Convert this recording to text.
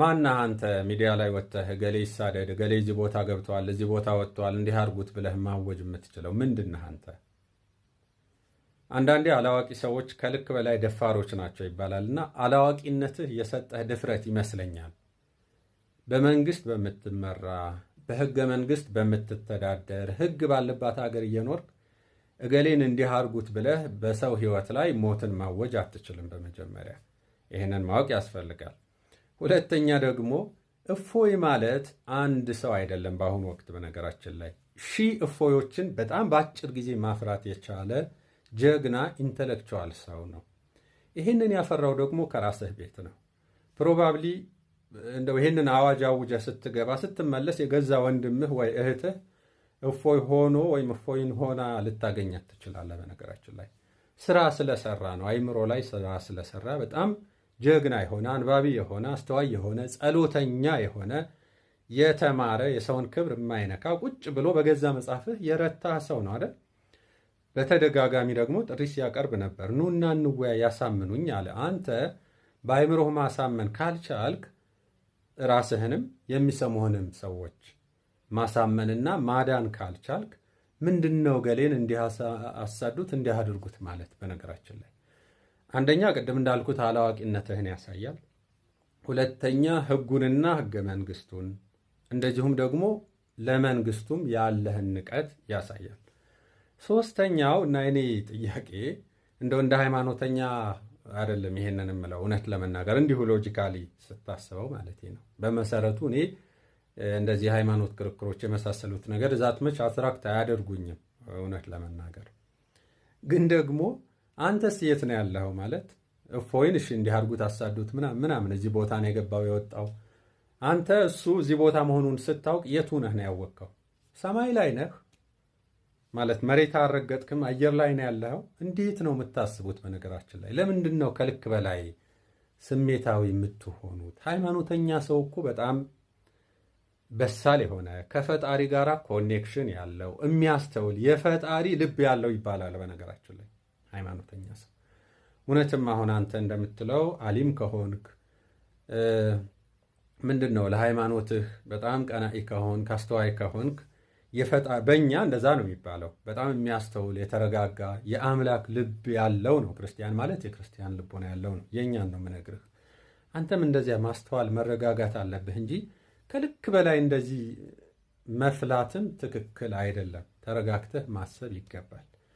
ማና አንተ ሚዲያ ላይ ወጥተህ እገሌ ይሳደድ፣ እገሌ እዚህ ቦታ ገብተዋል፣ እዚህ ቦታ ወጥተዋል፣ እንዲህ አድርጉት ብለህ ማወጅ የምትችለው ምንድን ነህ አንተ? አንዳንዴ አላዋቂ ሰዎች ከልክ በላይ ደፋሮች ናቸው ይባላል እና አላዋቂነትህ የሰጠህ ድፍረት ይመስለኛል። በመንግስት በምትመራ በህገ መንግስት በምትተዳደር ህግ ባለባት ሀገር እየኖርክ እገሌን እንዲህ አድርጉት ብለህ በሰው ህይወት ላይ ሞትን ማወጅ አትችልም። በመጀመሪያ ይህንን ማወቅ ያስፈልጋል። ሁለተኛ ደግሞ እፎይ ማለት አንድ ሰው አይደለም። በአሁኑ ወቅት በነገራችን ላይ ሺህ እፎዮችን በጣም በአጭር ጊዜ ማፍራት የቻለ ጀግና ኢንተሌክቹዋል ሰው ነው። ይህንን ያፈራው ደግሞ ከራስህ ቤት ነው። ፕሮባብሊ እንደው ይህንን አዋጅ አውጀ ስትገባ ስትመለስ የገዛ ወንድምህ ወይ እህትህ እፎይ ሆኖ ወይም እፎይን ሆና ልታገኛት ትችላለህ። በነገራችን ላይ ስራ ስለሰራ ነው፣ አይምሮ ላይ ስራ ስለሰራ በጣም ጀግና የሆነ አንባቢ የሆነ አስተዋይ የሆነ ጸሎተኛ የሆነ የተማረ የሰውን ክብር የማይነካ ቁጭ ብሎ በገዛ መጽሐፍህ የረታ ሰው ነው አይደል? በተደጋጋሚ ደግሞ ጥሪ ሲያቀርብ ነበር። ኑና እንወያይ ያሳምኑኝ አለ። አንተ በአይምሮህ ማሳመን ካልቻልክ ራስህንም የሚሰሙህንም ሰዎች ማሳመንና ማዳን ካልቻልክ ምንድን ነው ገሌን እንዲህ አሳዱት እንዲህ አድርጉት ማለት በነገራችን ላይ አንደኛ ቅድም እንዳልኩት አላዋቂነትህን ያሳያል። ሁለተኛ ህጉንና ህገ መንግስቱን እንደዚሁም ደግሞ ለመንግስቱም ያለህን ንቀት ያሳያል። ሶስተኛው እና እኔ ጥያቄ እንደው እንደ ሃይማኖተኛ አይደለም ይሄንን የምለው እውነት ለመናገር እንዲሁ ሎጂካሊ ስታስበው ማለት ነው። በመሰረቱ እኔ እንደዚህ የሃይማኖት ክርክሮች የመሳሰሉት ነገር ዛት አትራክት አያደርጉኝም እውነት ለመናገር ግን ደግሞ አንተስ የት ነው ያለኸው? ማለት እፎይን እሺ እንዲህ አድርጉት አሳዱት ምናምን እዚህ ቦታ ነው የገባው የወጣው። አንተ እሱ እዚህ ቦታ መሆኑን ስታውቅ የቱ ነህ ነው ያወቅከው? ሰማይ ላይ ነህ ማለት መሬት አረገጥክም አየር ላይ ነው ያለኸው። እንዴት ነው የምታስቡት? በነገራችን ላይ ለምንድን ነው ከልክ በላይ ስሜታዊ የምትሆኑት? ሃይማኖተኛ ሰው እኮ በጣም በሳል የሆነ ከፈጣሪ ጋር ኮኔክሽን ያለው የሚያስተውል የፈጣሪ ልብ ያለው ይባላል በነገራችን ላይ ሃይማኖተኛ ሰው እውነትም አሁን አንተ እንደምትለው አሊም ከሆንክ ምንድን ነው ለሃይማኖትህ በጣም ቀናኢ ከሆንክ አስተዋይ ከሆንክ በእኛ እንደዛ ነው የሚባለው። በጣም የሚያስተውል የተረጋጋ የአምላክ ልብ ያለው ነው ክርስቲያን ማለት የክርስቲያን ልቦና ያለው ነው። የእኛን ነው ምነግርህ አንተም እንደዚያ ማስተዋል መረጋጋት አለብህ እንጂ ከልክ በላይ እንደዚህ መፍላትም ትክክል አይደለም። ተረጋግተህ ማሰብ ይገባል።